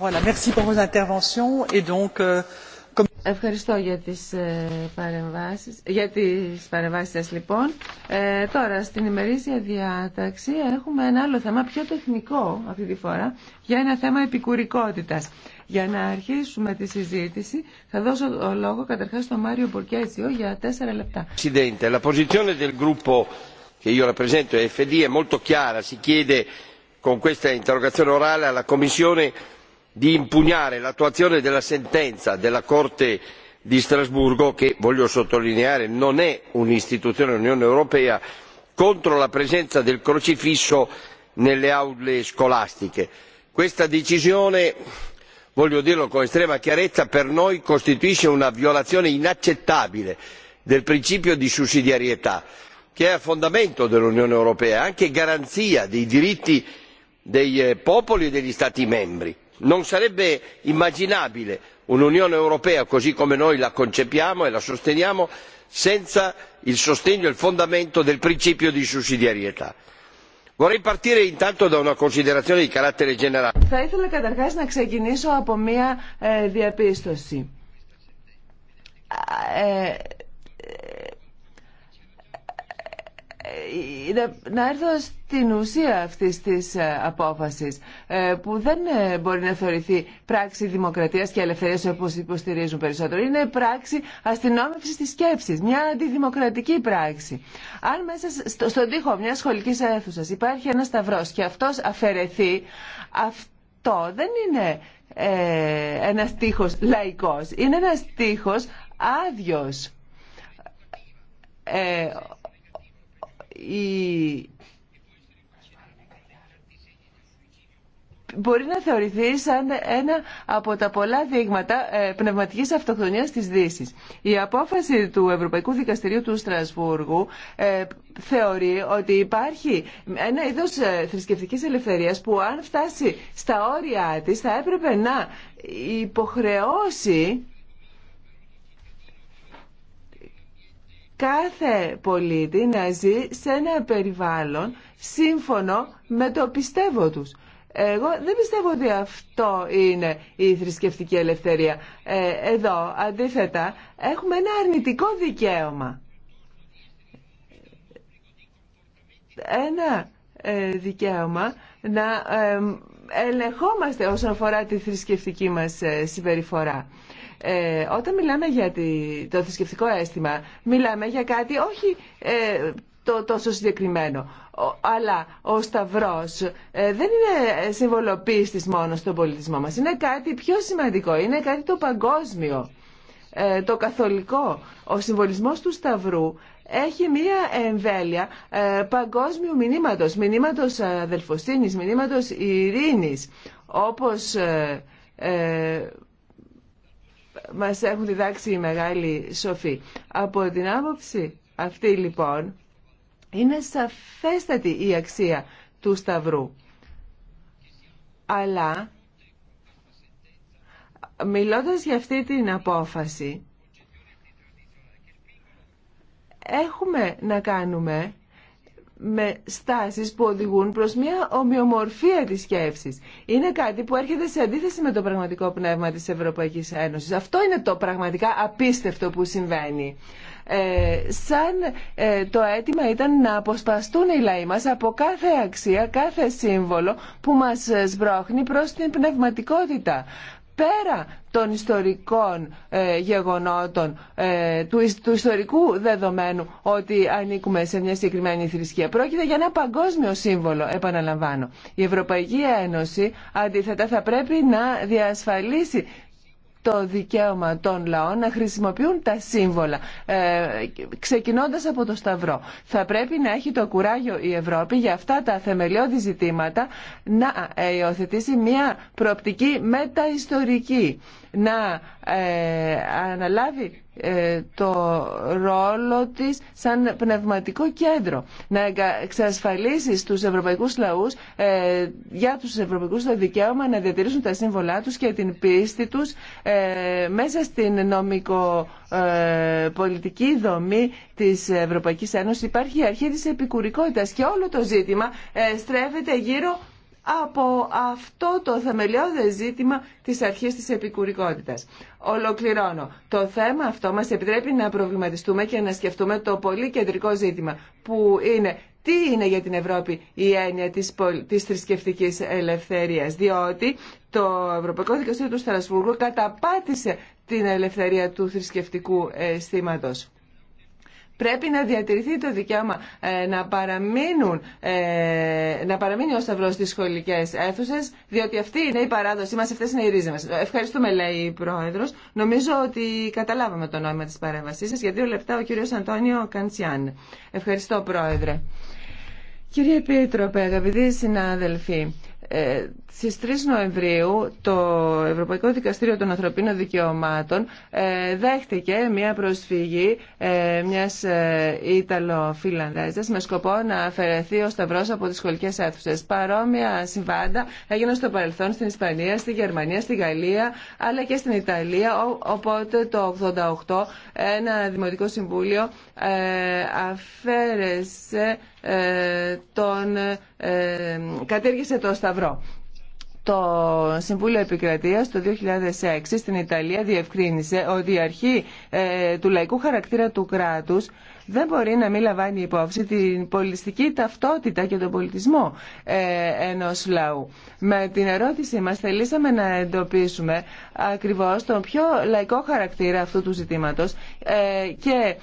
Euh, Ευχαριστώ για τις ε, παρεμβάσεις, για τις παρεμβάσεις σας λοιπόν. Ε, τώρα στην ημερήσια διάταξη έχουμε ένα άλλο θέμα πιο τεχνικό αυτή τη φορά για ένα θέμα επικουρικότητας. Για να αρχίσουμε τη συζήτηση θα δώσω το λόγο καταρχάς στον Μάριο Μπορκέτσιο για τέσσερα λεπτά. la posizione del gruppo che io rappresento, FD, è molto chiara. Si chiede con questa interrogazione orale alla Commissione di impugnare l'attuazione della sentenza della corte di strasburgo che voglio sottolineare non è un'istituzione dell'unione europea contro la presenza del crocifisso nelle aule scolastiche. questa decisione voglio dirlo con estrema chiarezza per noi costituisce una violazione inaccettabile del principio di sussidiarietà che è a fondamento dell'unione europea e anche garanzia dei diritti dei popoli e degli stati membri non sarebbe immaginabile un'unione europea così come noi la concepiamo e la sosteniamo senza il sostegno e il fondamento del principio di sussidiarietà. Vorrei partire intanto da una considerazione di carattere generale. να έρθω στην ουσία αυτής της ε, απόφασης ε, που δεν ε, μπορεί να θεωρηθεί πράξη δημοκρατίας και ελευθερίας όπως υποστηρίζουν περισσότερο. Είναι πράξη αστυνόμευσης της σκέψης, μια αντιδημοκρατική πράξη. Αν μέσα στο, στον τοίχο μιας σχολικής αίθουσας υπάρχει ένα σταυρός και αυτός αφαιρεθεί, αυτό δεν είναι ε, ένας τείχος λαϊκός, είναι ένα τείχος άδειος μπορεί να θεωρηθεί σαν ένα από τα πολλά δείγματα ε, πνευματικής αυτοκτονίας της Δύσης. Η απόφαση του Ευρωπαϊκού Δικαστηρίου του Στρασβούργου ε, θεωρεί ότι υπάρχει ένα είδος ε, θρησκευτικής ελευθερίας που αν φτάσει στα όρια της θα έπρεπε να υποχρεώσει κάθε πολίτη να ζει σε ένα περιβάλλον σύμφωνο με το πιστεύω τους. Εγώ δεν πιστεύω ότι αυτό είναι η θρησκευτική ελευθερία. Ε, εδώ, αντίθετα, έχουμε ένα αρνητικό δικαίωμα. Ένα ε, δικαίωμα να ε, ελεγχόμαστε όσον αφορά τη θρησκευτική μας συμπεριφορά. Ε, όταν μιλάμε για το θρησκευτικό αίσθημα, μιλάμε για κάτι όχι ε, το, τόσο συγκεκριμένο. αλλά ο Σταυρός ε, δεν είναι συμβολοποίηση μόνο στον πολιτισμό μας. Είναι κάτι πιο σημαντικό, είναι κάτι το παγκόσμιο, ε, το καθολικό. Ο συμβολισμός του Σταυρού έχει μία εμβέλεια ε, παγκόσμιου μηνύματος, μηνύματος αδελφοσύνης, μηνύματος ειρήνης, όπως μας έχουν διδάξει οι μεγάλοι σοφοί. Από την άποψη αυτή λοιπόν είναι σαφέστατη η αξία του Σταυρού. Αλλά μιλώντας για αυτή την απόφαση έχουμε να κάνουμε με στάσεις που οδηγούν προς μια ομοιομορφία της σκέψης. Είναι κάτι που έρχεται σε αντίθεση με το πραγματικό πνεύμα της Ευρωπαϊκής Ένωσης. Αυτό είναι το πραγματικά απίστευτο που συμβαίνει. Ε, σαν ε, το αίτημα ήταν να αποσπαστούν οι λαοί μας από κάθε αξία, κάθε σύμβολο που μας σβρώχνει προς την πνευματικότητα πέρα των ιστορικών ε, γεγονότων, ε, του ιστορικού δεδομένου ότι ανήκουμε σε μια συγκεκριμένη θρησκεία. Πρόκειται για ένα παγκόσμιο σύμβολο, επαναλαμβάνω. Η Ευρωπαϊκή Ένωση, αντίθετα, θα πρέπει να διασφαλίσει το δικαίωμα των λαών να χρησιμοποιούν τα σύμβολα, ε, ξεκινώντας από το Σταυρό. Θα πρέπει να έχει το κουράγιο η Ευρώπη για αυτά τα θεμελιώδη ζητήματα να υιοθετήσει μια προοπτική μεταιστορική, να ε, αναλάβει ε, το ρόλο της σαν πνευματικό κέντρο να εξασφαλίσει στους ευρωπαϊκούς λαούς ε, για τους ευρωπαϊκούς το δικαίωμα να διατηρήσουν τα σύμβολά τους και την πίστη τους ε, μέσα στην νομικο δομή της Ευρωπαϊκής Ένωσης υπάρχει η αρχή της επικουρικότητας και όλο το ζήτημα στρέφεται γύρω από αυτό το θεμελιώδες ζήτημα της αρχής της επικουρικότητας. Ολοκληρώνω. Το θέμα αυτό μας επιτρέπει να προβληματιστούμε και να σκεφτούμε το πολύ κεντρικό ζήτημα που είναι τι είναι για την Ευρώπη η έννοια της, της θρησκευτική ελευθερίας, διότι το Ευρωπαϊκό Δικαστήριο του Στρασβούργου καταπάτησε την ελευθερία του θρησκευτικού αισθήματο. Πρέπει να διατηρηθεί το δικαίωμα ε, να, παραμείνουν, ε, να παραμείνει ο σταυρό στι σχολικέ αίθουσε, διότι αυτή είναι η παράδοσή μα, αυτέ είναι οι ρίζε μα. Ευχαριστούμε, λέει η Πρόεδρο. Νομίζω ότι καταλάβαμε το νόημα τη παρέμβασή σα. Για δύο λεπτά ο κύριο Αντώνιο Καντσιάν. Ευχαριστώ, Πρόεδρε. Κύριε Επίτροπε, αγαπητοί συνάδελφοι, ε, στις 3 Νοεμβρίου το Ευρωπαϊκό Δικαστήριο των Ανθρωπίνων Δικαιωμάτων ε, δέχτηκε μια προσφυγή ε, μιας ε, Ιταλοφιλανδέζας με σκοπό να αφαιρεθεί ο Σταυρός από τις σχολικές αίθουσες. Παρόμοια συμβάντα έγιναν στο παρελθόν στην Ισπανία, στη Γερμανία, στη Γαλλία αλλά και στην Ιταλία οπότε το 88 ένα δημοτικό συμβούλιο ε, αφαίρεσε ε, τον ε, κατέργησε το Σταυρό. Το Συμβούλιο Επικρατείας το 2006 στην Ιταλία διευκρίνησε ότι η αρχή ε, του λαϊκού χαρακτήρα του κράτους δεν μπορεί να μην λαμβάνει υπόψη την πολιτιστική ταυτότητα και τον πολιτισμό ενός λαού. Με την ερώτησή μας θελήσαμε να εντοπίσουμε ακριβώς τον πιο λαϊκό χαρακτήρα αυτού του ζητήματος και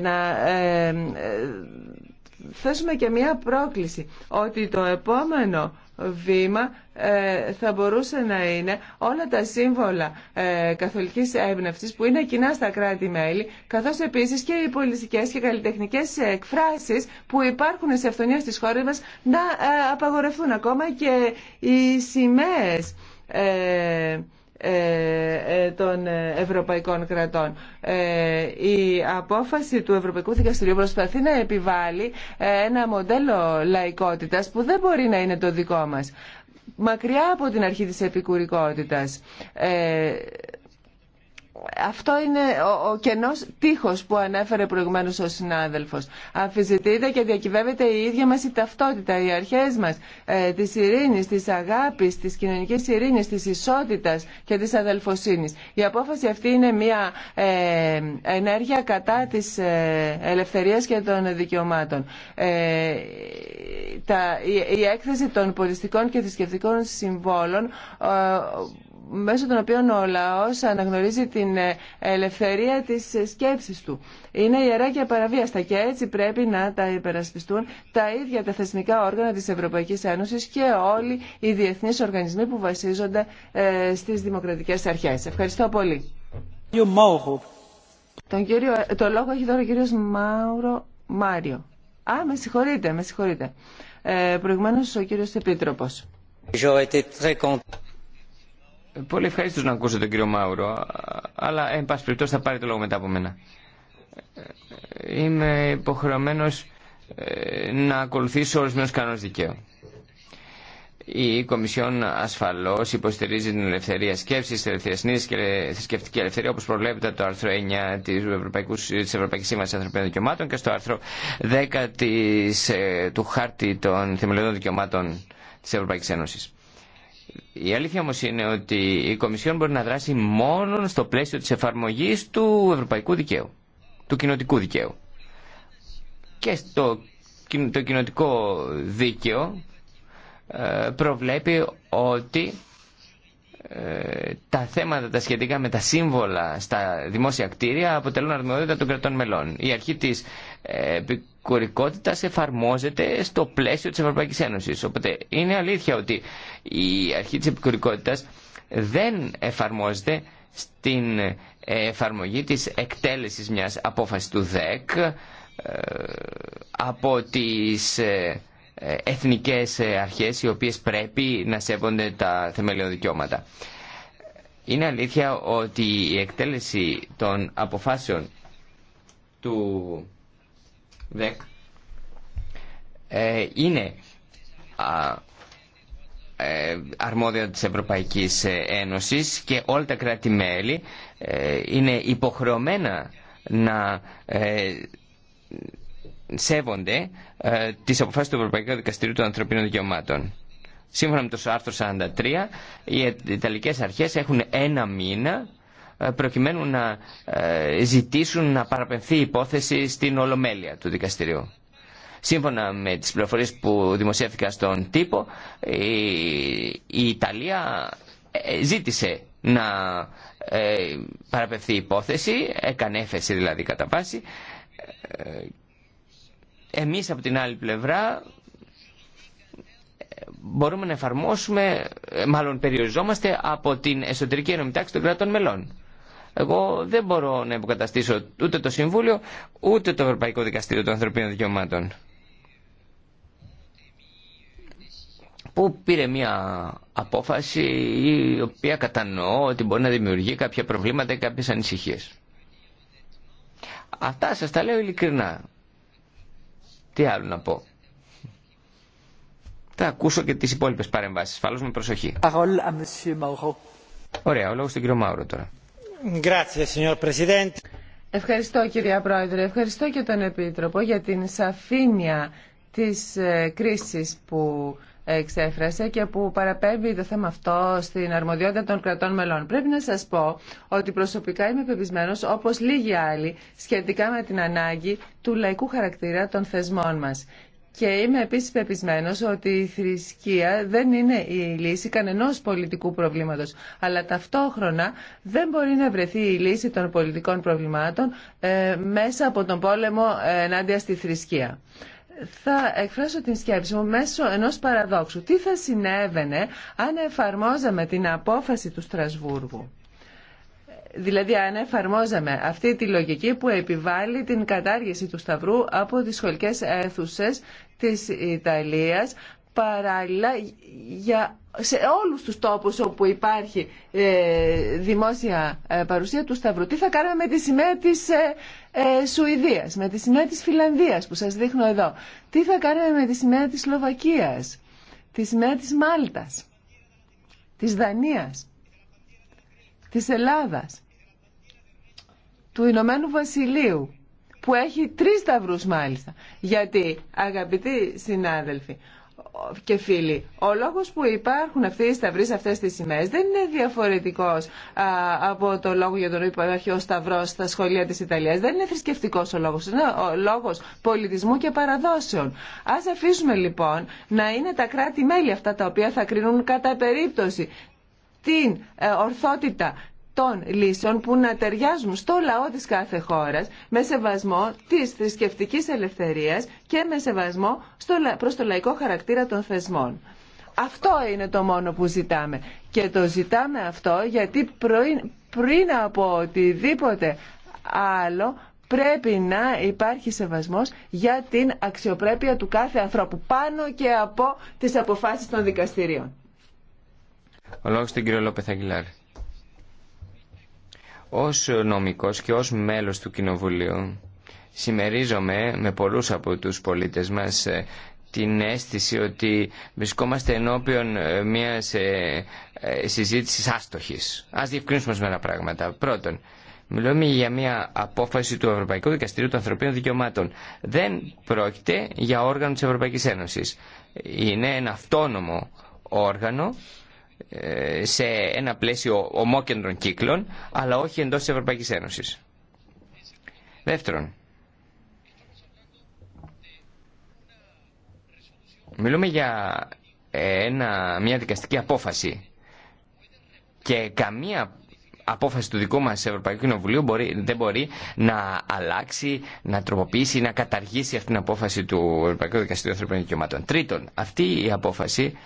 να θέσουμε και μια πρόκληση ότι το επόμενο βήμα ε, θα μπορούσε να είναι όλα τα σύμβολα ε, καθολικής έμπνευσης που είναι κοινά στα κράτη-μέλη καθώς επίσης και οι πολιτικές και καλλιτεχνικές εκφράσεις που υπάρχουν σε αυτονία στις χώρες μας να ε, απαγορευτούν ακόμα και οι σημαίες ε, ε, των ευρωπαϊκών κρατών. Ε, η απόφαση του Ευρωπαϊκού Δικαστηρίου προσπαθεί να επιβάλλει ένα μοντέλο λαϊκότητας που δεν μπορεί να είναι το δικό μας. Μακριά από την αρχή της επικουρικότητας αυτό είναι ο, ο κενός τείχος που ανέφερε προηγουμένως ο συνάδελφος. Αφιζητείται και διακυβεύεται η ίδια μας η ταυτότητα, οι αρχές μας, ε, της ειρήνης, της αγάπης, της κοινωνικής ειρήνης, της ισότητας και της αδελφοσύνης. Η απόφαση αυτή είναι μια ε, ενέργεια κατά της ε, ελευθερίας και των δικαιωμάτων. Ε, η, η έκθεση των πολιστικών και θρησκευτικών συμβόλων μέσω των οποίων ο λαός αναγνωρίζει την ε, ελευθερία της ε, σκέψης του. Είναι ιερά και απαραβίαστα και έτσι πρέπει να τα υπερασπιστούν τα ίδια τα θεσμικά όργανα της Ευρωπαϊκής Ένωσης και όλοι οι διεθνείς οργανισμοί που βασίζονται ε, στις δημοκρατικές αρχές. Ευχαριστώ πολύ. Τον κύριο, το λόγο έχει τώρα ο κύριος Μάουρο Μάριο. Α, με συγχωρείτε, με συγχωρείτε. Ε, προηγουμένως ο κύριος Επίτροπος. Πολύ ευχαρίστω να ακούσω τον κύριο Μάουρο, αλλά εν πάση περιπτώσει θα πάρει το λόγο μετά από μένα. Είμαι υποχρεωμένο ε, να ακολουθήσω ορισμένου κανόνε δικαίου. Η Κομισιόν ασφαλώ υποστηρίζει την ελευθερία σκέψη, την ελευθερία συνείδηση και θρησκευτική ελευθερία, όπω προβλέπεται το άρθρο 9 τη Ευρωπαϊκή Σύμβαση Ανθρωπίνων Δικαιωμάτων και στο άρθρο 10 ε, του Χάρτη των Θεμελιωδών Δικαιωμάτων τη Ευρωπαϊκή Ένωση. Η αλήθεια όμω είναι ότι η Κομισιόν μπορεί να δράσει μόνο στο πλαίσιο της εφαρμογής του ευρωπαϊκού δικαίου, του κοινοτικού δικαίου. Και στο, το κοινοτικό δίκαιο ε, προβλέπει ότι ε, τα θέματα τα σχετικά με τα σύμβολα στα δημόσια κτίρια αποτελούν αρμοδιότητα των κρατών μελών. Η αρχή της ε, κορικότητα εφαρμόζεται στο πλαίσιο της Ευρωπαϊκής Ένωσης. Οπότε είναι αλήθεια ότι η αρχή της επικουρικότητας δεν εφαρμόζεται στην εφαρμογή της εκτέλεσης μιας απόφασης του ΔΕΚ ε, από τις ε, εθνικές αρχές οι οποίες πρέπει να σέβονται τα θεμελιώδη δικαιώματα. Είναι αλήθεια ότι η εκτέλεση των αποφάσεων του ε, είναι ε, αρμόδια της Ευρωπαϊκής ε, Ένωσης και όλα τα κράτη-μέλη είναι υποχρεωμένα να σέβονται τις αποφάσεις του Ευρωπαϊκού Δικαστηρίου των Ανθρωπίνων Δικαιωμάτων. Σύμφωνα με το άρθρο 43, οι Ιταλικές Αρχές έχουν ένα μήνα ε, προκειμένου να ε, ζητήσουν να παραπεμφθεί η υπόθεση στην Ολομέλεια του δικαστηρίου. Σύμφωνα με τις πληροφορίες που δημοσιεύτηκαν στον τύπο, η Ιταλία ε, ζήτησε να παραπευθεί η υπόθεση, έκανε έφεση δηλαδή κατά πάση. Εμείς από την άλλη πλευρά μπορούμε να εφαρμόσουμε, μάλλον περιοριζόμαστε από την εσωτερική ενωμητάξη των κρατών μελών. Εγώ δεν μπορώ να υποκαταστήσω ούτε το Συμβούλιο ούτε το Ευρωπαϊκό Δικαστήριο των Ανθρωπίνων Δικαιωμάτων. Που πήρε μια απόφαση η οποία κατανοώ ότι μπορεί να δημιουργεί κάποια προβλήματα ή κάποιες ανησυχίες. Αυτά σας τα λέω ειλικρινά. Τι άλλο να πω. Θα ακούσω και τις υπόλοιπες παρεμβάσεις. Φαλώς με προσοχή. Ωραία, ο λόγος στον κύριο Μαύρο τώρα. Ευχαριστώ κυρία Πρόεδρε. Ευχαριστώ και τον Επίτροπο για την σαφήνεια της ε, κρίσης που εξέφρασε και που παραπέμπει το θέμα αυτό στην αρμοδιότητα των κρατών μελών. Πρέπει να σας πω ότι προσωπικά είμαι πεπισμένος, όπως λίγοι άλλοι, σχετικά με την ανάγκη του λαϊκού χαρακτήρα των θεσμών μας. Και είμαι επίσης πεπισμένος ότι η θρησκεία δεν είναι η λύση κανενός πολιτικού προβλήματος. Αλλά ταυτόχρονα δεν μπορεί να βρεθεί η λύση των πολιτικών προβλημάτων ε, μέσα από τον πόλεμο ε, ενάντια στη θρησκεία. Θα εκφράσω την σκέψη μου μέσω ενός παραδόξου. Τι θα συνέβαινε αν εφαρμόζαμε την απόφαση του Στρασβούργου. Δηλαδή αν εφαρμόζαμε αυτή τη λογική που επιβάλλει την κατάργηση του Σταυρού από τις σχολικές αίθουσες της Ιταλίας παράλληλα για, σε όλους τους τόπους όπου υπάρχει ε, δημόσια ε, παρουσία του Σταυρού. Τι θα κάνουμε με τη σημαία της ε, Σουηδίας, με τη σημαία της Φιλανδίας που σας δείχνω εδώ. Τι θα κάνουμε με τη σημαία της Σλοβακίας, τη σημαία της Μάλτας, της Δανίας της Ελλάδας, του Ηνωμένου Βασιλείου, που έχει τρεις σταυρούς μάλιστα. Γιατί, αγαπητοί συνάδελφοι και φίλοι, ο λόγος που υπάρχουν αυτοί οι σταυροί σε αυτές τις σημαίες δεν είναι διαφορετικός από το λόγο για τον οποίο υπάρχει ο σταυρός στα σχολεία της Ιταλίας. Δεν είναι θρησκευτικός ο λόγος, είναι ο λόγος πολιτισμού και παραδόσεων. Ας αφήσουμε λοιπόν να είναι τα κράτη-μέλη αυτά τα οποία θα κρίνουν κατά περίπτωση την ε, ορθότητα των λύσεων που να ταιριάζουν στο λαό της κάθε χώρας με σεβασμό της θρησκευτική ελευθερίας και με σεβασμό στο, προς το λαϊκό χαρακτήρα των θεσμών. Αυτό είναι το μόνο που ζητάμε. Και το ζητάμε αυτό γιατί πριν, πριν από οτιδήποτε άλλο πρέπει να υπάρχει σεβασμός για την αξιοπρέπεια του κάθε ανθρώπου πάνω και από τις αποφάσεις των δικαστηρίων. Ο λόγος του κύριο Λόπεθ Αγγιλάρ. Ως νομικός και ως μέλος του Κοινοβουλίου συμμερίζομαι με πολλούς από τους πολίτες μας ε, την αίσθηση ότι βρισκόμαστε ενώπιον ε, μιας ε, συζήτησης άστοχης. Ας διευκρινίσουμε σημαντικά πράγματα. Πρώτον, Μιλούμε για μια απόφαση του Ευρωπαϊκού Δικαστηρίου των Ανθρωπίνων Δικαιωμάτων. Δεν πρόκειται για όργανο της Ευρωπαϊκής Ένωσης. Είναι ένα αυτόνομο όργανο ε, σε ένα πλαίσιο ομόκεντρων κύκλων, αλλά όχι εντός της Ευρωπαϊκής Ένωσης. Δεύτερον, μιλούμε για ε, ένα, μια δικαστική απόφαση και καμία απόφαση του δικού μας Ευρωπαϊκού Κοινοβουλίου μπορεί, δεν μπορεί να αλλάξει, να τροποποιήσει, να καταργήσει αυτην την απόφαση του Ευρωπαϊκού Δικαστηρίου Ανθρωπίνων Δικαιωμάτων. Τρίτον, αυτή η απόφαση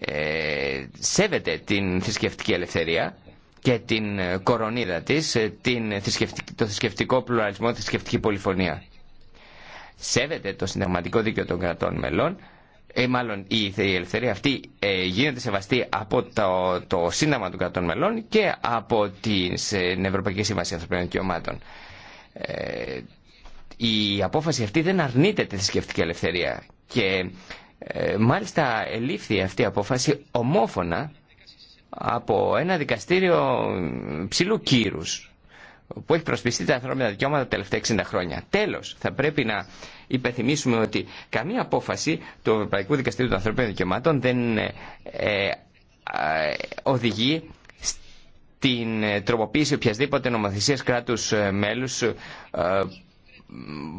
ε, σέβεται την θρησκευτική ελευθερία και την κορονίδα της, ε, την το θρησκευτικό πλουραλισμό, τη θρησκευτική πολυφωνία. Σέβεται το συνταγματικό δίκαιο των κρατών μελών, ε, μάλλον η, ελευθερία αυτή ε, γίνεται σεβαστή από το, το Σύνταγμα των Κρατών Μελών και από ε, την Ευρωπαϊκή Σύμβαση Ανθρωπίνων Δικαιωμάτων. Ε, η απόφαση αυτή δεν αρνείται τη θρησκευτική ελευθερία και ε, μάλιστα ελήφθη αυτή η απόφαση ομόφωνα από ένα δικαστήριο ψηλού κύρους που έχει προσπιστεί τα ανθρώπινα δικαιώματα τα τελευταία 60 χρόνια. Τέλος, θα πρέπει να υπενθυμίσουμε ότι καμία απόφαση του Ευρωπαϊκού Δικαστήριου των Ανθρώπινων Δικαιωμάτων δεν ε, ε, οδηγεί στην τροποποίηση οποιασδήποτε νομοθεσίας κράτους μέλους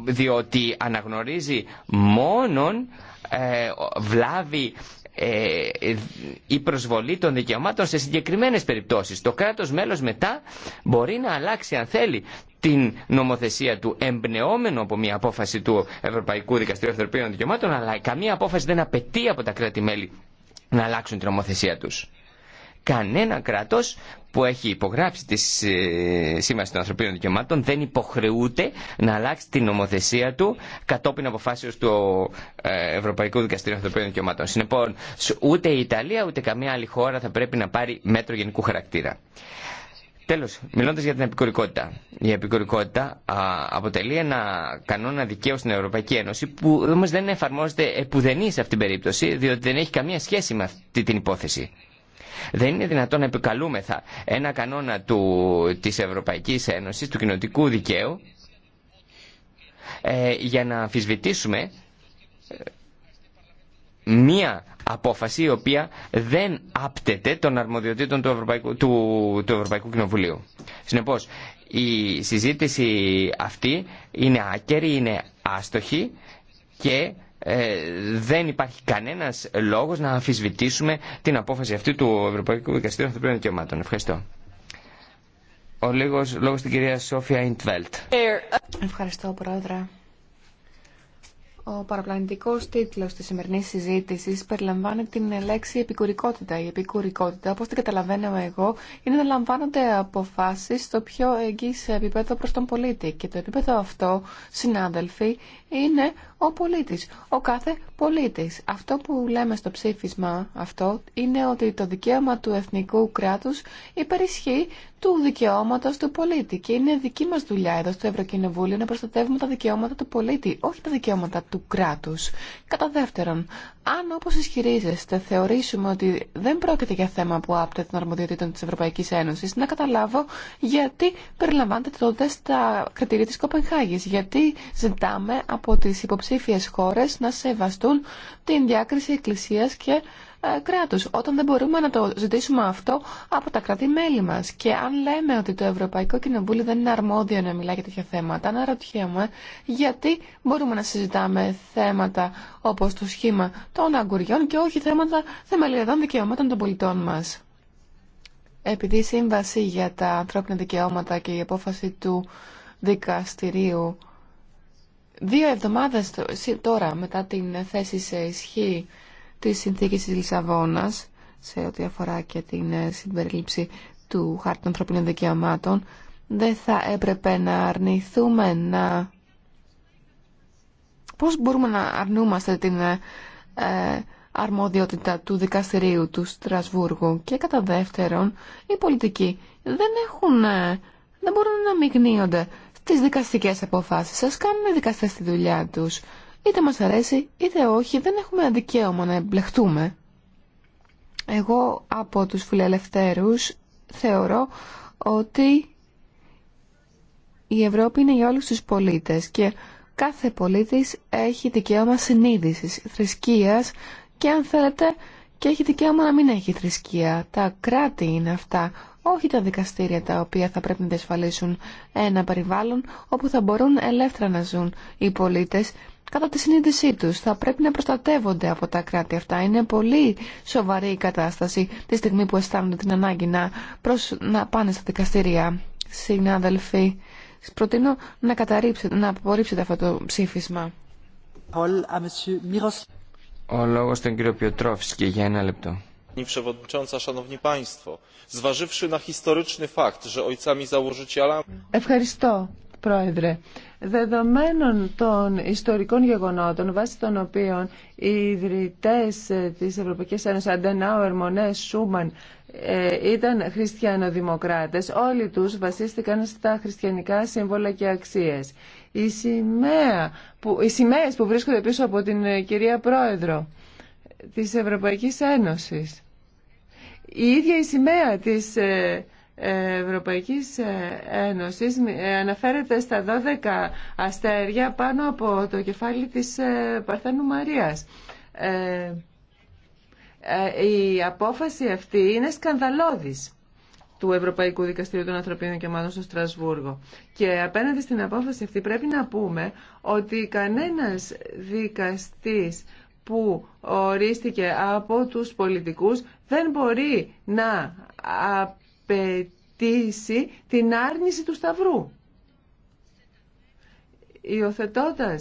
διότι αναγνωρίζει μόνον ε, βλάβη ε, η προσβολή των δικαιωμάτων σε συγκεκριμένες περιπτώσεις. Το κράτος μέλος μετά μπορεί να αλλάξει αν θέλει την νομοθεσία του εμπνεόμενο από μια απόφαση του Ευρωπαϊκού Δικαστηρίου Ευρωπαϊκών Δικαιωμάτων αλλά καμία απόφαση δεν απαιτεί από τα κράτη-μέλη να αλλάξουν την νομοθεσία τους κανένα κράτος που έχει υπογράψει τη ε, Σύμβαση των Ανθρωπίνων Δικαιωμάτων δεν υποχρεούται να αλλάξει την νομοθεσία του κατόπιν αποφάσεως του ε, Ευρωπαϊκού Δικαστηρίου Ανθρωπίνων Δικαιωμάτων. Συνεπώς ούτε η Ιταλία ούτε καμία άλλη χώρα θα πρέπει να πάρει μέτρο γενικού χαρακτήρα. Τέλος, μιλώντας για την επικουρικότητα. Η επικουρικότητα αποτελεί ένα κανόνα δικαίου στην Ευρωπαϊκή Ένωση που όμως δεν εφαρμόζεται επουδενή σε αυτήν την περίπτωση διότι δεν έχει καμία σχέση με αυτή την υπόθεση. Δεν είναι δυνατόν να επικαλούμεθα ένα κανόνα του, της Ευρωπαϊκής Ένωσης, του κοινοτικού δικαίου, ε, για να αμφισβητήσουμε ε, μία απόφαση η οποία δεν άπτεται των αρμοδιοτήτων του Ευρωπαϊκού, του, του Ευρωπαϊκού Κοινοβουλίου. Συνεπώς, η συζήτηση αυτή είναι άκερη, είναι άστοχη και ε, δεν υπάρχει κανένα λόγο να αμφισβητήσουμε την απόφαση αυτή του Ευρωπαϊκού Δικαστήριου Ανθρωπίνων Δικαιωμάτων. Ευχαριστώ. Ο λίγο λόγο στην κυρία Σόφια Ιντβέλτ. Ευχαριστώ, Πρόεδρε. Ο παραπλανητικό τίτλο τη σημερινή συζήτηση περιλαμβάνει την λέξη επικουρικότητα. Η επικουρικότητα, όπω την καταλαβαίνω εγώ, είναι να λαμβάνονται αποφάσει στο πιο εγγύς επίπεδο προ τον πολίτη. Και το επίπεδο αυτό, συνάδελφοι, είναι ο πολίτης, ο κάθε πολίτης. Αυτό που λέμε στο ψήφισμα αυτό είναι ότι το δικαίωμα του εθνικού κράτους υπερισχύει του δικαιώματος του πολίτη και είναι δική μας δουλειά εδώ στο Ευρωκοινοβούλιο να προστατεύουμε τα δικαιώματα του πολίτη, όχι τα δικαιώματα του κράτους. Κατά δεύτερον, αν όπως ισχυρίζεστε θεωρήσουμε ότι δεν πρόκειται για θέμα που άπτεται των αρμοδιοτήτων της Ευρωπαϊκής Ένωσης, να καταλάβω γιατί περιλαμβάνεται τότε στα κριτήρια τη Κοπενχάγης, γιατί ζητάμε από τις υποψήφιες χώρες να σεβαστούν την διάκριση εκκλησίας και ε, κράτους, όταν δεν μπορούμε να το ζητήσουμε αυτό από τα κράτη-μέλη μας. Και αν λέμε ότι το Ευρωπαϊκό Κοινοβούλιο δεν είναι αρμόδιο να μιλά για τέτοια θέματα, αναρωτιέμαι γιατί μπορούμε να συζητάμε θέματα όπως το σχήμα των αγκουριών και όχι θέματα θεμελιωδών δικαιωμάτων των πολιτών μας. Επειδή η Σύμβαση για τα Ανθρώπινα Δικαιώματα και η απόφαση του Δικαστηρίου Δύο εβδομάδες τώρα μετά την θέση σε ισχύ της συνθήκης της Λισαβόνας σε ό,τι αφορά και την ε, συμπερίληψη του χάρτη των ανθρωπίνων δικαιωμάτων δεν θα έπρεπε να αρνηθούμε να... Πώς μπορούμε να αρνούμαστε την ε, ε, αρμοδιότητα του δικαστηρίου του Στρασβούργου και κατά δεύτερον οι πολιτικοί δεν έχουν... δεν μπορούν να μειγνύονται τις δικαστικές αποφάσεις σας, κάνουν οι δικαστές τη δουλειά τους. Είτε μας αρέσει είτε όχι, δεν έχουμε δικαίωμα να εμπλεχτούμε. Εγώ από τους φιλελευθέρους θεωρώ ότι η Ευρώπη είναι για όλους τους πολίτες και κάθε πολίτης έχει δικαίωμα συνείδησης, θρησκείας και αν θέλετε και έχει δικαίωμα να μην έχει θρησκεία. Τα κράτη είναι αυτά όχι τα δικαστήρια τα οποία θα πρέπει να διασφαλίσουν ένα περιβάλλον όπου θα μπορούν ελεύθερα να ζουν οι πολίτες κατά τη συνείδησή τους. Θα πρέπει να προστατεύονται από τα κράτη αυτά. Είναι πολύ σοβαρή η κατάσταση τη στιγμή που αισθάνονται την ανάγκη να, προς, να πάνε στα δικαστήρια. Συνάδελφοι, προτείνω να, να απορρίψετε αυτό το ψήφισμα. Ο λόγος στον κύριο και για ένα λεπτό. Ευχαριστώ, Πρόεδρε. Δεδομένων των ιστορικών γεγονότων, βάσει των οποίων οι ιδρυτέ τη Ευρωπαϊκή Ένωση, Αντενάουερ, Μονέ, Σούμαν, ε, ήταν χριστιανοδημοκράτε, όλοι του βασίστηκαν στα χριστιανικά σύμβολα και αξίε. Οι, σημαίε που, οι που βρίσκονται πίσω από την κυρία Πρόεδρο τη Ευρωπαϊκή Ένωση. Η ίδια η σημαία της ε, Ευρωπαϊκής ε, Ένωσης ε, αναφέρεται στα 12 αστέρια πάνω από το κεφάλι της Παρθένου Μαρίας. Η απόφαση αυτή είναι σκανδαλώδης του Ευρωπαϊκού Δικαστηρίου των Ανθρωπίνων Δικαιωμάτων στο Στρασβούργο. Και απέναντι στην απόφαση αυτή πρέπει να πούμε ότι κανένας δικαστής που ορίστηκε από τους πολιτικούς δεν μπορεί να απαιτήσει την άρνηση του Σταυρού. Υιοθετώντα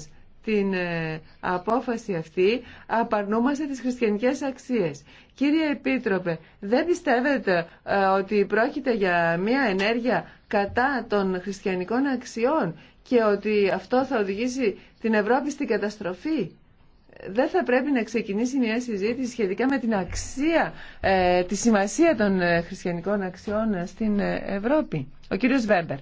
την ε, απόφαση αυτή, απαρνούμαστε τις χριστιανικές αξίες. Κύριε Επίτροπε, δεν πιστεύετε ε, ότι πρόκειται για μια ενέργεια κατά των χριστιανικών αξιών και ότι αυτό θα οδηγήσει την Ευρώπη στην καταστροφή δεν θα πρέπει να ξεκινήσει μια συζήτηση σχετικά με την αξία, ε, τη σημασία των ε, χριστιανικών αξιών ε, στην Ευρώπη. Ο κύριος Βέμπερ.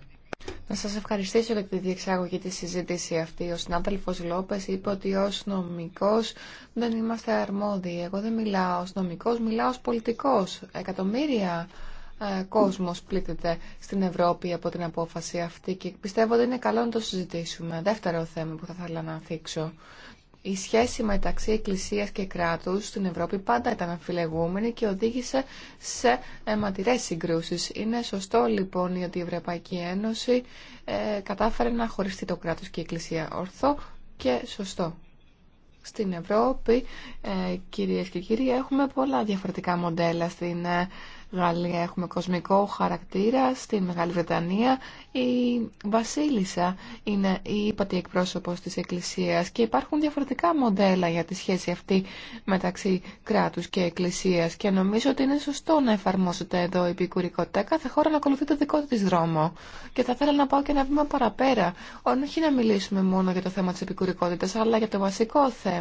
Να σας ευχαριστήσω για τη διεξάγωγη τη συζήτηση αυτή. Ο συνάδελφος Λόπες είπε ότι ως νομικός δεν είμαστε αρμόδιοι. Εγώ δεν μιλάω ως νομικός, μιλάω ως πολιτικός. Εκατομμύρια ε, κόσμος πλήττεται στην Ευρώπη από την απόφαση αυτή και πιστεύω ότι είναι καλό να το συζητήσουμε. Δεύτερο θέμα που θα ήθελα να θίξω. Η σχέση μεταξύ Εκκλησίας και κράτους στην Ευρώπη πάντα ήταν αμφιλεγούμενη και οδήγησε σε αιματηρές συγκρούσεις. Είναι σωστό λοιπόν ότι η Ευρωπαϊκή Ένωση ε, κατάφερε να χωριστεί το κράτος και η Εκκλησία ορθό και σωστό. Στην Ευρώπη, ε, κυρίες και κύριοι, έχουμε πολλά διαφορετικά μοντέλα. Στην ε, Γαλλία έχουμε κοσμικό χαρακτήρα, στην Μεγάλη Βρετανία η Βασίλισσα είναι η ύπατη εκπρόσωπος της Εκκλησίας και υπάρχουν διαφορετικά μοντέλα για τη σχέση αυτή μεταξύ κράτους και Εκκλησίας και νομίζω ότι είναι σωστό να εφαρμόσετε εδώ η επικουρικότητα. Κάθε χώρα να ακολουθεί το δικό της δρόμο και θα ήθελα να πάω και ένα βήμα παραπέρα, όχι να μιλήσουμε μόνο για το θέμα της επικούρικότητα, αλλά για το βασικό θέμα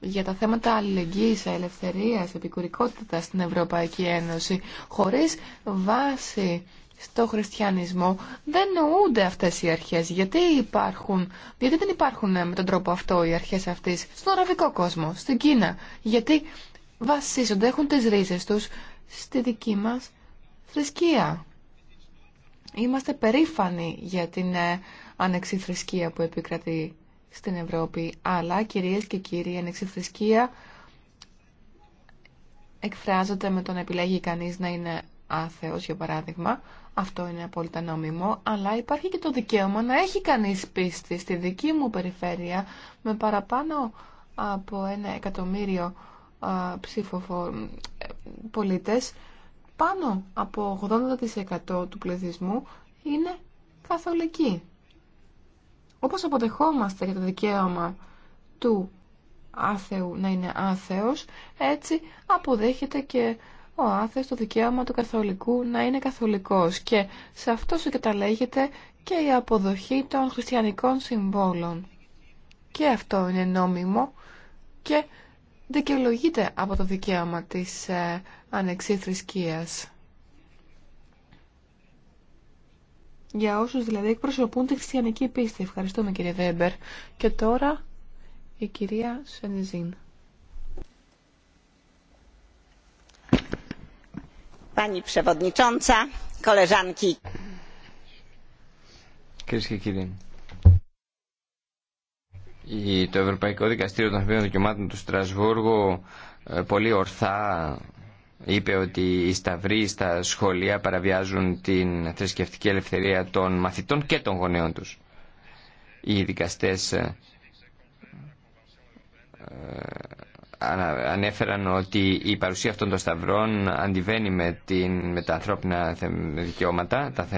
για τα θέματα αλληλεγγύης, ελευθερίας, επικουρικότητας στην Ευρωπαϊκή Ένωση, χωρίς βάση στο χριστιανισμό δεν νοούνται αυτές οι αρχές. Γιατί υπάρχουν, γιατί δεν υπάρχουν ε, με τον τρόπο αυτό οι αρχές αυτής στον αραβικό κόσμο, στην Κίνα. Γιατί βασίζονται, έχουν τις ρίζες τους στη δική μας θρησκεία. Είμαστε περήφανοι για την ε, ανεξιθρησκεία που επικρατεί στην Ευρώπη, αλλά κυρίες και κύριοι, η ανεξιθρησκεία εκφράζεται με το να επιλέγει κανείς να είναι άθεος, για παράδειγμα. Αυτό είναι απόλυτα νόμιμο, αλλά υπάρχει και το δικαίωμα να έχει κανείς πίστη στη δική μου περιφέρεια με παραπάνω από ένα εκατομμύριο ψήφοφο πολίτες πάνω από 80% του πληθυσμού είναι καθολικοί. Όπως αποδεχόμαστε για το δικαίωμα του άθεου να είναι άθεος, έτσι αποδέχεται και ο άθεος το δικαίωμα του καθολικού να είναι καθολικός και σε αυτό σου και η αποδοχή των χριστιανικών συμβόλων. Και αυτό είναι νόμιμο και δικαιολογείται από το δικαίωμα της ε, για όσους δηλαδή εκπροσωπούν τη χριστιανική πίστη. Ευχαριστούμε κύριε Βέμπερ. Και τώρα η κυρία Σενιζίν. Pani Przewodnicząca, koleżanki. Κυρίες και κύριοι, το Ευρωπαϊκό Δικαστήριο των Αθλητικών Δικαιωμάτων του Στρασβούργου ε, πολύ ορθά είπε ότι οι σταυροί στα σχολεία παραβιάζουν την θρησκευτική ελευθερία των μαθητών και των γονέων τους. Οι δικαστές ε, ε, ανέφεραν ότι η παρουσία αυτών των σταυρών αντιβαίνει με, την, με τα ανθρώπινα δικαιώματα, τα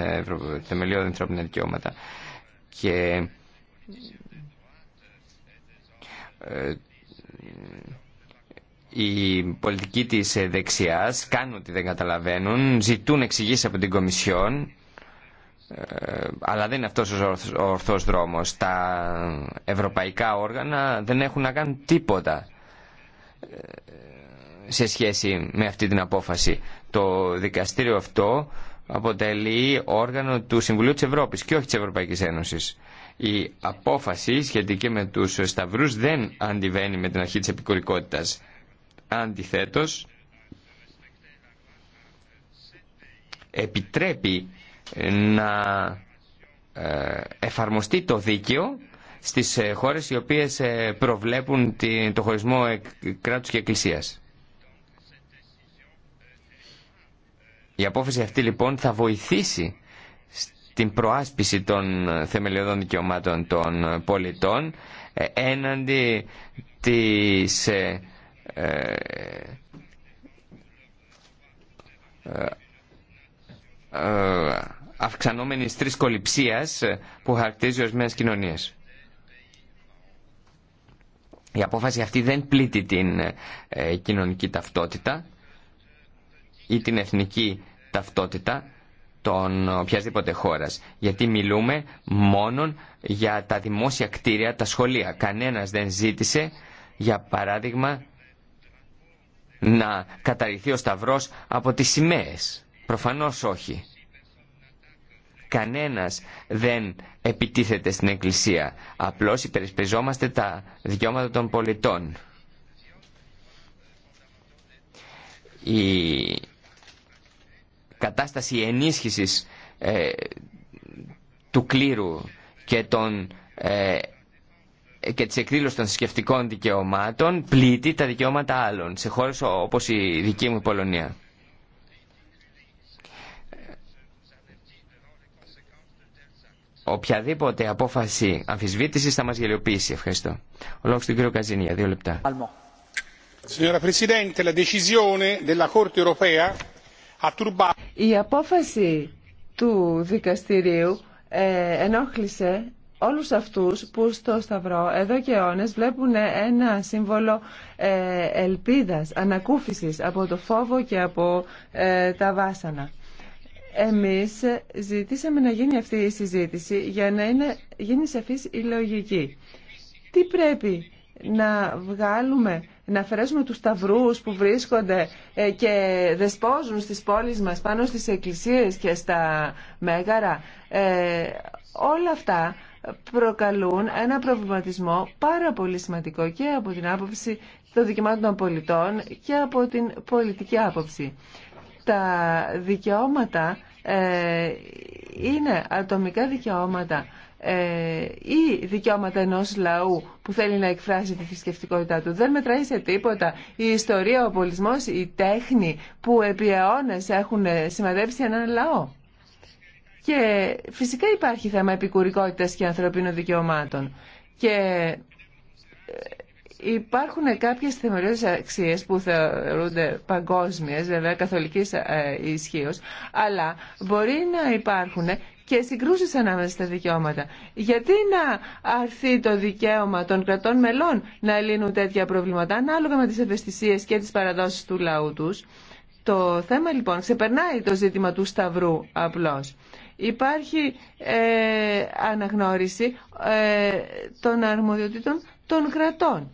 θεμελιώδη ανθρώπινα δικαιώματα και ε, οι πολιτικοί της ε, δεξιάς κάνουν ότι δεν καταλαβαίνουν, ζητούν εξηγήσει από την Κομισιόν, ε, αλλά δεν είναι αυτός ο ορθός δρόμος. Τα ευρωπαϊκά όργανα δεν έχουν να κάνουν τίποτα ε, σε σχέση με αυτή την απόφαση. Το δικαστήριο αυτό αποτελεί όργανο του Συμβουλίου της Ευρώπης και όχι της Ευρωπαϊκής Ένωσης. Η απόφαση σχετική με τους σταυρούς δεν αντιβαίνει με την αρχή της επικουρικότητας. Αντιθέτως, επιτρέπει να ε, εφαρμοστεί το δίκαιο στις ε, χώρες οι οποίες ε, προβλέπουν το χωρισμό κράτους και εκκλησίας. Η απόφαση αυτή λοιπόν θα βοηθήσει στην προάσπιση των θεμελιωδών δικαιωμάτων των πολιτών έναντι της ε, ε, ε, αυξανόμενης τρισκοληψίας που χαρακτηρίζει ορισμένες κοινωνίες. Η απόφαση αυτή δεν πλήττει την κοινωνική ταυτότητα ή την εθνική ταυτότητα των οποιασδήποτε χώρας. Γιατί μιλούμε μόνον για τα δημόσια κτίρια, τα σχολεία. Κανένας δεν ζήτησε, για παράδειγμα, να καταργηθεί ο Σταυρός από τις σημαίες. Προφανώς όχι. Κανένας δεν επιτίθεται στην Εκκλησία. Απλώς υπερισπιζόμαστε τα δικαιώματα των πολιτών. Η κατάσταση ενίσχυσης ε, του κλήρου και των ε, και τη εκδήλωση των θρησκευτικών δικαιωμάτων πλήττει τα δικαιώματα άλλων σε χώρε όπω η δική μου Πολωνία. Οποιαδήποτε απόφαση αμφισβήτηση θα μα γελιοποιήσει. Ευχαριστώ. Ο λόγο του κ. Καζίνη για δύο λεπτά. Η απόφαση του δικαστηρίου ε, ενόχλησε όλους αυτούς που στο Σταυρό εδώ και αιώνες βλέπουν ένα σύμβολο ε, ελπίδας, ανακούφισης από το φόβο και από ε, τα βάσανα. Εμείς ζητήσαμε να γίνει αυτή η συζήτηση για να είναι, γίνει σαφής η λογική. Τι πρέπει να βγάλουμε, να αφαιρέσουμε τους σταυρούς που βρίσκονται ε, και δεσπόζουν στις πόλεις μας πάνω στις εκκλησίες και στα μέγαρα. όλα αυτά προκαλούν ένα προβληματισμό πάρα πολύ σημαντικό και από την άποψη των δικαιωμάτων των πολιτών και από την πολιτική άποψη. Τα δικαιώματα ε, είναι ατομικά δικαιώματα ε, ή δικαιώματα ενός λαού που θέλει να εκφράσει τη θρησκευτικότητά του. Δεν μετράει σε τίποτα η ιστορία, ο πολιτισμός, η τέχνη που επί αιώνες έχουν ε, σημαδέψει έναν λαό. Και φυσικά υπάρχει θέμα επικουρικότητας και ανθρωπίνων δικαιωμάτων. Και ε, υπάρχουν κάποιες θεμελιώδεις αξίες που θεωρούνται παγκόσμιες, βέβαια, καθολικής ε, ισχύω, αλλά μπορεί να υπάρχουν και συγκρούσεις ανάμεσα στα δικαιώματα. Γιατί να αρθεί το δικαίωμα των κρατών μελών να λύνουν τέτοια προβλήματα, ανάλογα με τις ευαισθησίες και τις παραδόσεις του λαού τους. Το θέμα λοιπόν ξεπερνάει το ζήτημα του Σταυρού απλώς. Υπάρχει ε, αναγνώριση ε, των αρμοδιοτήτων των κρατών.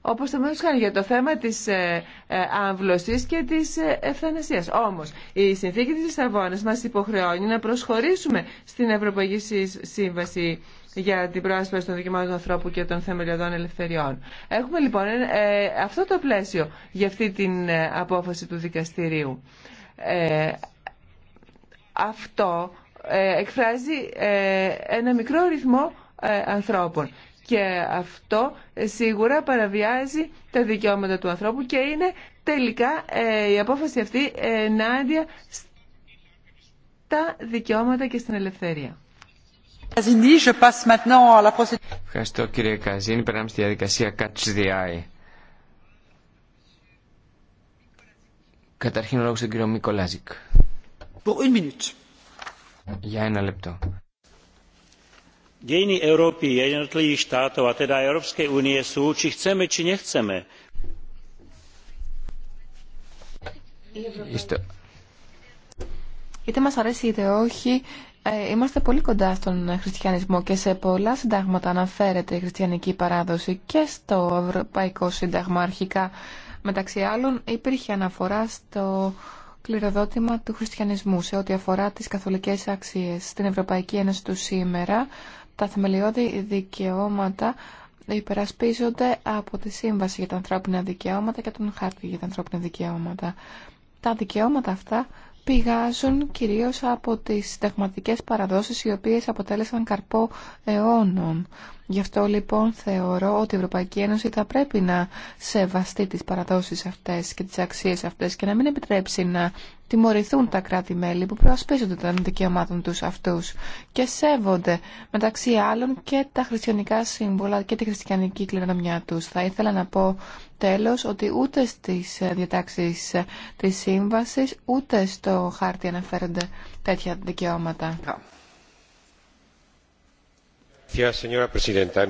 Όπως θα για το θέμα της ε, ε και της ευθανασίας. Όμως, η συνθήκη της Λισαβόνας μας υποχρεώνει να προσχωρήσουμε στην Ευρωπαϊκή Σύμβαση για την πρόσφαση των δικαιωμάτων του ανθρώπου και των θεμελιωδών ελευθεριών. Έχουμε λοιπόν αυτό το πλαίσιο για αυτή την απόφαση του δικαστηρίου. Αυτό ε, εκφράζει ε, ένα μικρό ρυθμό ε, ανθρώπων και αυτό σίγουρα παραβιάζει τα δικαιώματα του ανθρώπου και είναι τελικά η απόφαση αυτή ενάντια στα δικαιώματα και στην ελευθερία. Ευχαριστώ κύριε Καζίνη. Περνάμε στη διαδικασία Catch the Eye. Καταρχήν ο λόγος του κύριο Μικολάζικ. Για ένα λεπτό. Dejiny Európy, jednotlivých štátov a teda Európskej únie sú, Είτε μας αρέσει είτε όχι, ε, είμαστε πολύ κοντά στον χριστιανισμό και σε πολλά συντάγματα αναφέρεται η χριστιανική παράδοση και στο Ευρωπαϊκό Σύνταγμα αρχικά. Μεταξύ άλλων υπήρχε αναφορά στο κληροδότημα του χριστιανισμού σε ό,τι αφορά τις καθολικές αξίες. Στην Ευρωπαϊκή Ένωση του σήμερα τα θεμελιώδη δικαιώματα υπερασπίζονται από τη Σύμβαση για τα ανθρώπινα δικαιώματα και τον Χάρτη για τα ανθρώπινα δικαιώματα. Τα δικαιώματα αυτά πηγάζουν κυρίως από τις συνταγματικές παραδόσεις οι οποίες αποτέλεσαν καρπό αιώνων. Γι' αυτό λοιπόν θεωρώ ότι η Ευρωπαϊκή Ένωση θα πρέπει να σεβαστεί τις παραδόσεις αυτές και τις αξίες αυτές και να μην επιτρέψει να τιμωρηθούν τα κράτη-μέλη που προασπίζονται των δικαιωμάτων τους αυτούς και σέβονται μεταξύ άλλων και τα χριστιανικά σύμβολα και τη χριστιανική κληρονομιά τους. Θα ήθελα να πω τέλος ότι ούτε στις διατάξεις της σύμβασης ούτε στο χάρτη αναφέρονται τέτοια δικαιώματα señora presidenta.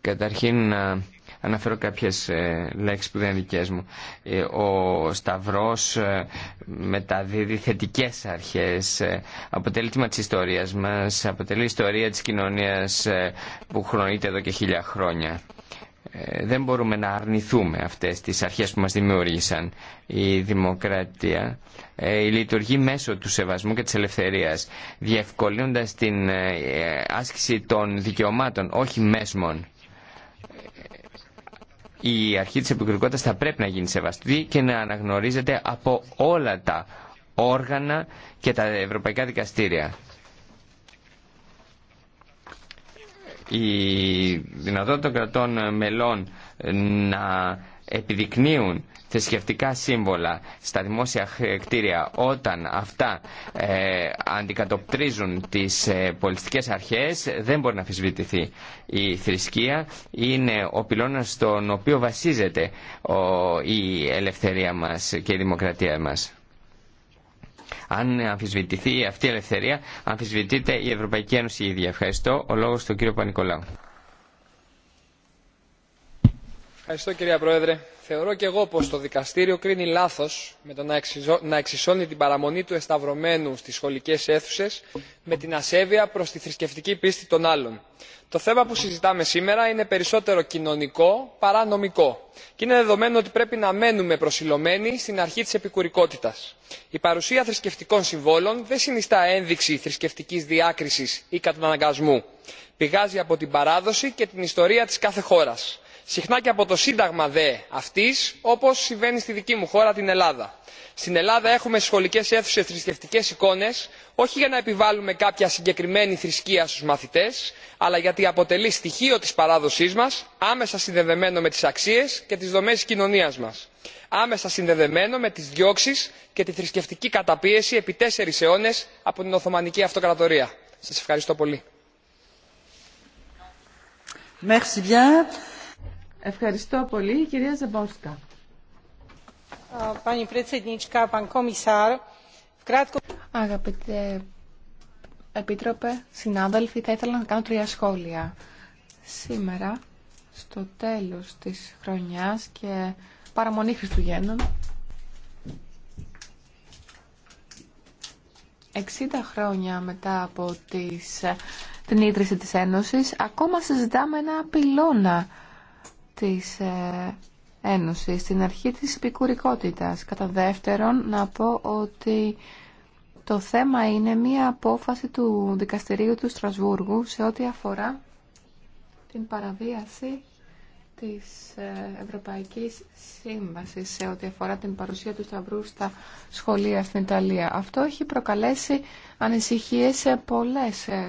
Καταρχήν να αναφέρω κάποιες ε, λέξεις που δεν είναι δικές μου. Ε, ο Σταυρός ε, μεταδίδει θετικές αρχές, αποτελεί τίμα της ιστορίας μας, αποτελεί ιστορία της κοινωνίας που χρονείται εδώ και χίλια χρόνια. Ε, δεν μπορούμε να αρνηθούμε αυτές τις αρχές που μας δημιούργησαν. Η δημοκρατία ε, η λειτουργεί μέσω του σεβασμού και της ελευθερίας, διευκολύνοντας την ε, άσκηση των δικαιωμάτων, όχι μέσμων. Η αρχή της επικουρικότητας θα πρέπει να γίνει σεβαστή και να αναγνωρίζεται από όλα τα όργανα και τα ευρωπαϊκά δικαστήρια. η δυνατότητα των κρατών μελών να επιδεικνύουν θρησκευτικά σύμβολα στα δημόσια κτίρια όταν αυτά ε, αντικατοπτρίζουν τις ε, αρχές δεν μπορεί να αφισβητηθεί. Η θρησκεία είναι ο πυλώνας στον οποίο βασίζεται η ελευθερία μας και η δημοκρατία μας. Αν αμφισβητηθεί αυτή η ελευθερία, αμφισβητείται η Ευρωπαϊκή Ένωση ίδια. Ευχαριστώ. Ο λόγος του κύριο Πανικολάου. Ευχαριστώ κυρία Πρόεδρε. Θεωρώ και εγώ πως το δικαστήριο κρίνει λάθος με το να εξισώνει την παραμονή του εσταυρωμένου στις σχολικές αίθουσες με την ασέβεια προς τη θρησκευτική πίστη των άλλων. Το θέμα που συζητάμε σήμερα είναι περισσότερο κοινωνικό παρά νομικό και είναι δεδομένο ότι πρέπει να μένουμε προσιλωμένοι στην αρχή της επικουρικότητας. Η παρουσία θρησκευτικών συμβόλων δεν συνιστά ένδειξη θρησκευτικής διάκρισης ή καταναγκασμού. Πηγάζει από την παράδοση και την ιστορία της κάθε χώρας συχνά και από το σύνταγμα δε αυτής όπως συμβαίνει στη δική μου χώρα την ελλάδα. στην ελλάδα έχουμε στις σχολικές αίθουσες θρησκευτικές εικόνες όχι για να επιβάλλουμε κάποια συγκεκριμένη θρησκεία στους μαθητές αλλά γιατί αποτελεί στοιχείο της παράδοσής μας άμεσα συνδεδεμένο με τις αξίες και τις δομές της κοινωνίας μας άμεσα συνδεδεμένο με τις διώξεις και τη θρησκευτική καταπίεση επί τέσσερις αιώνες από την οθωμανική αυτοκρατορία. σας ευχαριστώ πολύ. Ευχαριστώ πολύ, κυρία Ζεμπόσκα. Αγαπητέ Επίτροπε, συνάδελφοι, θα ήθελα να κάνω τρία σχόλια. Σήμερα, στο τέλος της χρονιάς και παραμονή Χριστουγέννων, 60 χρόνια μετά από τις, την ίδρυση της Ένωσης, ακόμα συζητάμε ένα πυλώνα της ε, Ένωση, στην αρχή της επικουρικότητας. Κατά δεύτερον, να πω ότι το θέμα είναι μία απόφαση του Δικαστηρίου του Στρασβούργου σε ό,τι αφορά την παραβίαση της ε, Ευρωπαϊκής Σύμβασης σε ό,τι αφορά την παρουσία του Σταυρού στα σχολεία στην Ιταλία. Αυτό έχει προκαλέσει ανησυχίες σε πολλές ε,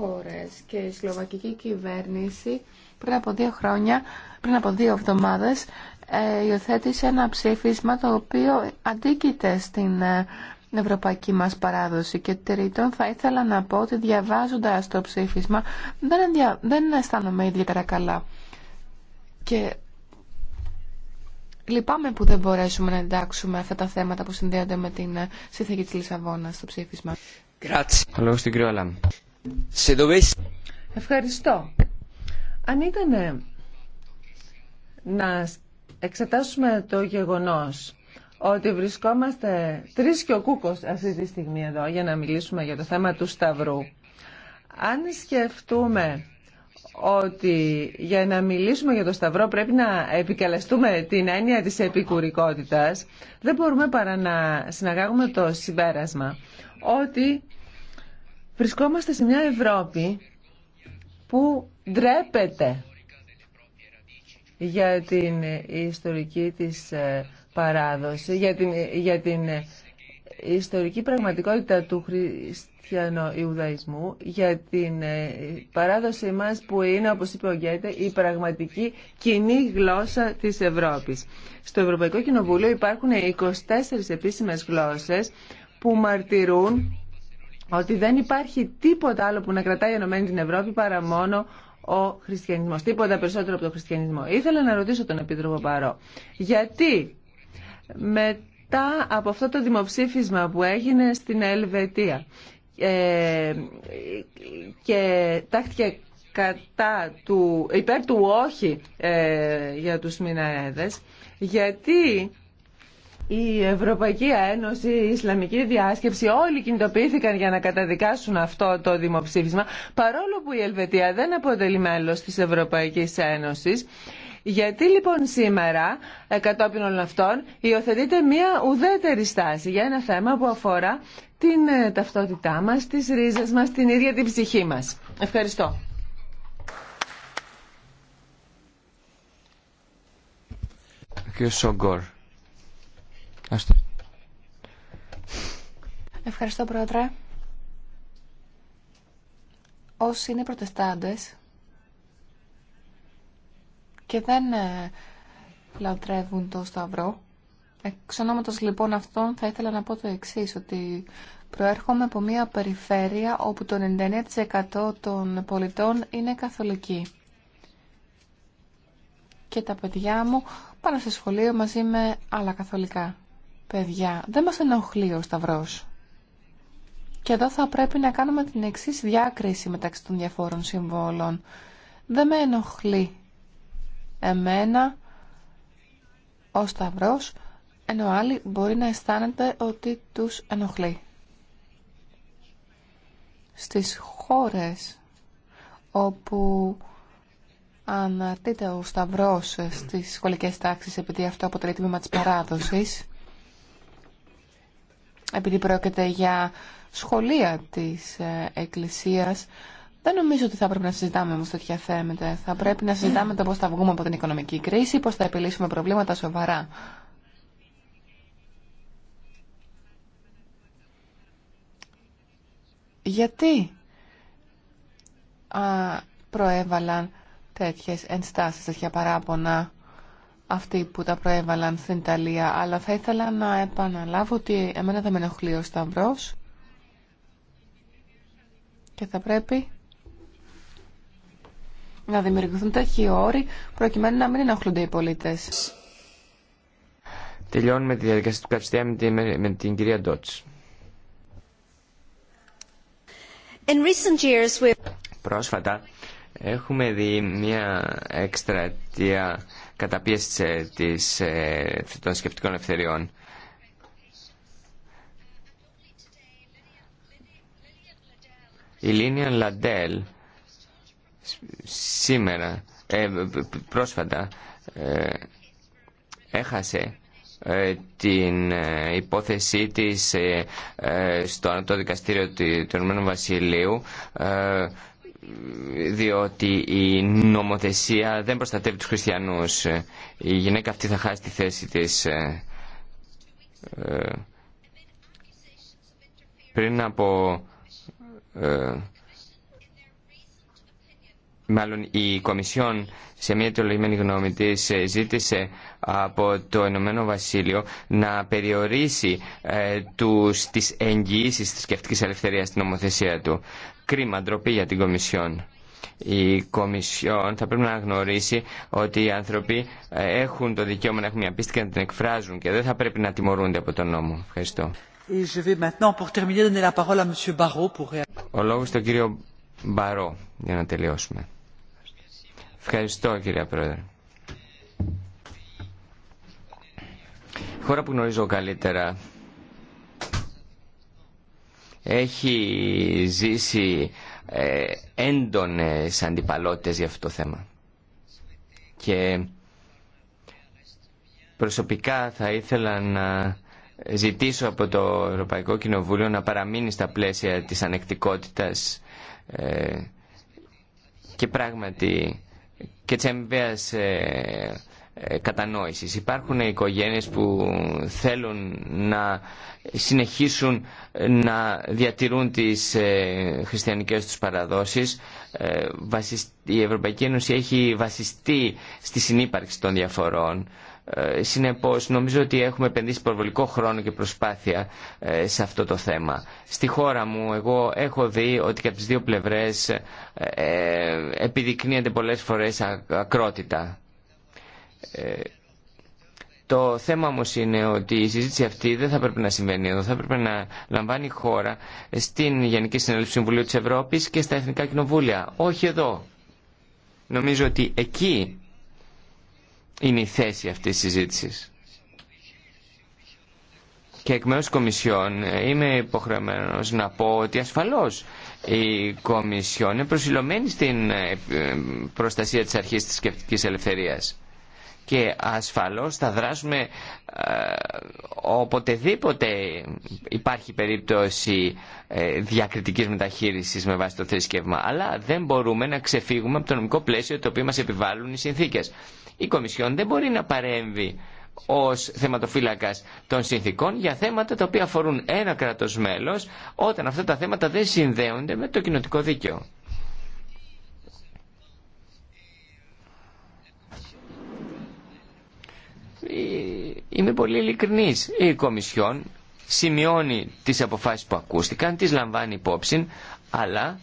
χώρες και η σλοβακική κυβέρνηση πριν από δύο χρόνια, πριν από δύο εβδομάδες ε, υιοθέτησε ένα ψήφισμα το οποίο αντίκειται στην ε, ευρωπαϊκή μας παράδοση και τρίτον θα ήθελα να πω ότι διαβάζοντας το ψήφισμα δεν, ενδια... δεν αισθάνομαι ιδιαίτερα καλά και λυπάμαι που δεν μπορέσουμε να εντάξουμε αυτά τα θέματα που συνδέονται με την ε, σύνθηκη της Λισαβόνας στο ψήφισμα. Ευχαριστώ. Αν ήταν ε, να εξετάσουμε το γεγονός ότι βρισκόμαστε τρεις και ο κούκος αυτή τη στιγμή εδώ για να μιλήσουμε για το θέμα του Σταυρού. Αν σκεφτούμε ότι για να μιλήσουμε για το Σταυρό πρέπει να επικαλεστούμε την έννοια της επικουρικότητας, δεν μπορούμε παρά να συναγάγουμε το συμπέρασμα ότι Βρισκόμαστε σε μια Ευρώπη που ντρέπεται για την ιστορική της ε, παράδοση, για την, για την ε, ιστορική πραγματικότητα του ιουδαισμού για την ε, παράδοση μας που είναι, όπως είπε ο Γκέτε, η πραγματική κοινή γλώσσα της Ευρώπης. Στο Ευρωπαϊκό Κοινοβούλιο υπάρχουν 24 επίσημες γλώσσες που μαρτυρούν ότι δεν υπάρχει τίποτα άλλο που να κρατάει ενωμένη την Ευρώπη παρά μόνο ο χριστιανισμός. Τίποτα περισσότερο από τον χριστιανισμό. Ήθελα να ρωτήσω τον Επίτροπο Παρό. Γιατί μετά από αυτό το δημοψήφισμα που έγινε στην Ελβετία ε, και τάχτηκε κατά του, υπέρ του όχι ε, για τους μηναέδες, γιατί η Ευρωπαϊκή Ένωση, η Ισλαμική Διάσκεψη, όλοι κινητοποιήθηκαν για να καταδικάσουν αυτό το δημοψήφισμα, παρόλο που η Ελβετία δεν αποτελεί μέλος της Ευρωπαϊκής Ένωσης. Γιατί λοιπόν σήμερα, ε, κατόπιν όλων αυτών, υιοθετείται μία ουδέτερη στάση για ένα θέμα που αφορά την ε, ταυτότητά μας, τις ρίζες μας, την ίδια την ψυχή μας. Ευχαριστώ. Ευχαριστώ, Πρόεδρε. Όσοι είναι προτεστάντες και δεν ε, λατρεύουν το Σταυρό, εξ ονόματος λοιπόν αυτών θα ήθελα να πω το εξής, ότι προέρχομαι από μια περιφέρεια όπου το 99% των πολιτών είναι καθολικοί. Και τα παιδιά μου πάνε στο σχολείο μαζί με άλλα καθολικά Παιδιά, δεν μας ενοχλεί ο Σταυρός. Και εδώ θα πρέπει να κάνουμε την εξής διάκριση μεταξύ των διαφόρων συμβόλων. Δεν με ενοχλεί εμένα ο Σταυρός, ενώ άλλοι μπορεί να αισθάνεται ότι τους ενοχλεί. Στις χώρες όπου αναρτείται ο Σταυρός στις σχολικές τάξεις επειδή αυτό αποτελεί τμήμα της παράδοσης, επειδή πρόκειται για σχολεία της ε, Εκκλησίας, δεν νομίζω ότι θα πρέπει να συζητάμε όμως τέτοια θέματα. Θα πρέπει να συζητάμε το πώς θα βγούμε από την οικονομική κρίση, πώς θα επιλύσουμε προβλήματα σοβαρά. Γιατί α, προέβαλαν τέτοιες ενστάσεις, τέτοια παράπονα αυτοί που τα προέβαλαν στην Ιταλία, αλλά θα ήθελα να επαναλάβω ότι εμένα δεν με ενοχλεί ο Σταυρός και θα πρέπει να δημιουργηθούν τέτοιοι όροι προκειμένου να μην ενοχλούνται οι πολίτες. Τελειώνουμε τη διαδικασία του καθιστέα με, την, με την κυρία Ντότς. In recent years we... Πρόσφατα, Έχουμε δει μια εκστρατεία καταπίεση ε, της, ε, των σκεπτικών ευθεριών. Η Λίνια Λαντέλ σήμερα, ε, πρόσφατα, έχασε την υπόθεσή της στο Ανατοδικαστήριο Δικαστήριο του Ηνωμένου Βασιλείου διότι η νομοθεσία δεν προστατεύει τους χριστιανούς. Η γυναίκα αυτή θα χάσει τη θέση της. Ε, ε, πριν από... Ε, μάλλον η Κομισιόν σε μια αιτιολογημένη γνώμη της ζήτησε από το Ηνωμένο Βασίλειο να περιορίσει τους, τις εγγυήσεις της σκεφτικής ελευθερίας στην νομοθεσία του κρίμα, ντροπή για την Κομισιόν. Η Κομισιόν θα πρέπει να γνωρίσει ότι οι άνθρωποι ε, έχουν το δικαίωμα να έχουν μια πίστη και να την εκφράζουν και δεν θα πρέπει να τιμωρούνται από τον νόμο. Ευχαριστώ. Ο λόγος στον κύριο Μπαρό για να τελειώσουμε. Ευχαριστώ κύριε Πρόεδρε. χώρα που γνωρίζω καλύτερα έχει ζήσει ε, έντονες αντιπαλότητες για αυτό το θέμα. Και προσωπικά θα ήθελα να ζητήσω από το Ευρωπαϊκό Κοινοβούλιο να παραμείνει στα πλαίσια της ανεκτικότητας ε, και πράγματι και της ε, κατανόησης. Υπάρχουν οικογένειες που θέλουν να συνεχίσουν να διατηρούν τις ε, χριστιανικές τους παραδόσεις. Ε, η Ευρωπαϊκή Ένωση έχει βασιστεί στη συνύπαρξη των διαφορών. Συνεπώς νομίζω ότι έχουμε επενδύσει προβολικό χρόνο και προσπάθεια σε αυτό το θέμα. Στη χώρα μου εγώ έχω δει ότι και από τις δύο πλευρές επιδεικνύεται πολλές φορές ακρότητα ε, το θέμα όμω είναι ότι η συζήτηση αυτή δεν θα πρέπει να συμβαίνει εδώ. Θα πρέπει να λαμβάνει η χώρα στην Γενική Συνέλευση Συμβουλίου τη Ευρώπη και στα Εθνικά Κοινοβούλια. Όχι εδώ. Νομίζω ότι εκεί είναι η θέση αυτής της συζήτησης. Και εκ μέρους Κομισιόν ε, είμαι υποχρεωμένος να πω ότι ασφαλώς η Κομισιόν είναι προσιλωμένη στην ε, προστασία της αρχής της σκεπτικής ελευθερίας και ασφαλώς θα δράσουμε ε, οποτεδήποτε υπάρχει περίπτωση ε, διακριτικής μεταχείρισης με βάση το θρησκεύμα. Αλλά δεν μπορούμε να ξεφύγουμε από το νομικό πλαίσιο το οποίο μας επιβάλλουν οι συνθήκες. Η Κομισιόν δεν μπορεί να παρέμβει ως θεματοφύλακας των συνθήκων για θέματα τα οποία αφορούν ένα κράτος μέλος όταν αυτά τα θέματα δεν συνδέονται με το κοινοτικό δίκαιο. είμαι πολύ ειλικρινής. Η Κομισιόν σημειώνει τις αποφάσεις που ακούστηκαν, τις λαμβάνει υπόψη, αλλά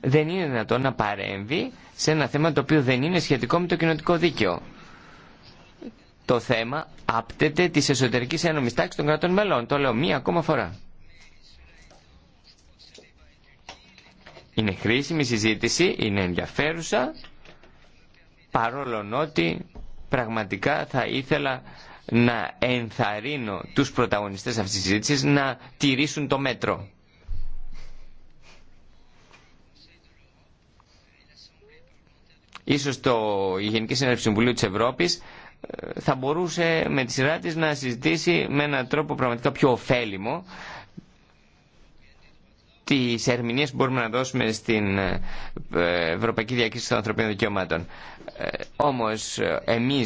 δεν είναι δυνατόν να παρέμβει σε ένα θέμα το οποίο δεν είναι σχετικό με το κοινοτικό δίκαιο. Το θέμα άπτεται της εσωτερικής ένωμης τάξης των κρατών μελών. Το λέω μία ακόμα φορά. Είναι χρήσιμη συζήτηση, είναι ενδιαφέρουσα παρόλο ότι πραγματικά θα ήθελα να ενθαρρύνω τους πρωταγωνιστές αυτής της συζήτησης να τηρήσουν το μέτρο. Ίσως το, η Γενική Συνέλευση Συμβουλίου της Ευρώπης ε, θα μπορούσε με τη σειρά της να συζητήσει με έναν τρόπο πραγματικά πιο ωφέλιμο τι ερμηνείε που μπορούμε να δώσουμε στην ε, Ευρωπαϊκή Διακήρυξη των Ανθρωπίνων Δικαιωμάτων. Ε, όμω ε, εμεί,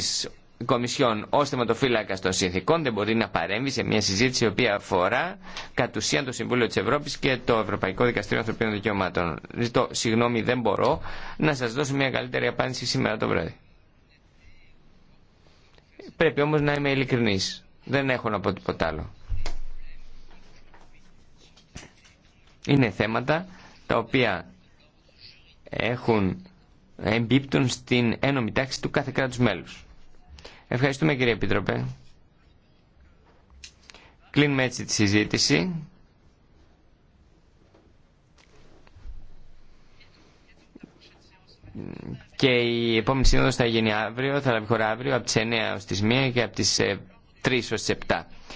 η Κομισιόν, ω θεματοφύλακα των συνθήκων δεν μπορεί να παρέμβει σε μια συζήτηση η οποία αφορά κατ' ουσίαν το Συμβούλιο τη Ευρώπη και το Ευρωπαϊκό Δικαστήριο Ανθρωπίνων Δικαιωμάτων. Ζητώ συγγνώμη, δεν μπορώ να σα δώσω μια καλύτερη απάντηση σήμερα το βράδυ. Πρέπει όμω να είμαι ειλικρινή. Δεν έχω να πω τίποτα άλλο. είναι θέματα τα οποία έχουν εμπίπτουν στην ένωμη τάξη του κάθε κράτους μέλους. Ευχαριστούμε κύριε Επίτροπε. Κλείνουμε έτσι τη συζήτηση. Και η επόμενη σύνοδος θα γίνει αύριο, θα λάβει χώρα αύριο από τις 9 ως τις 1 και από τις 3 ε, ως τις 7.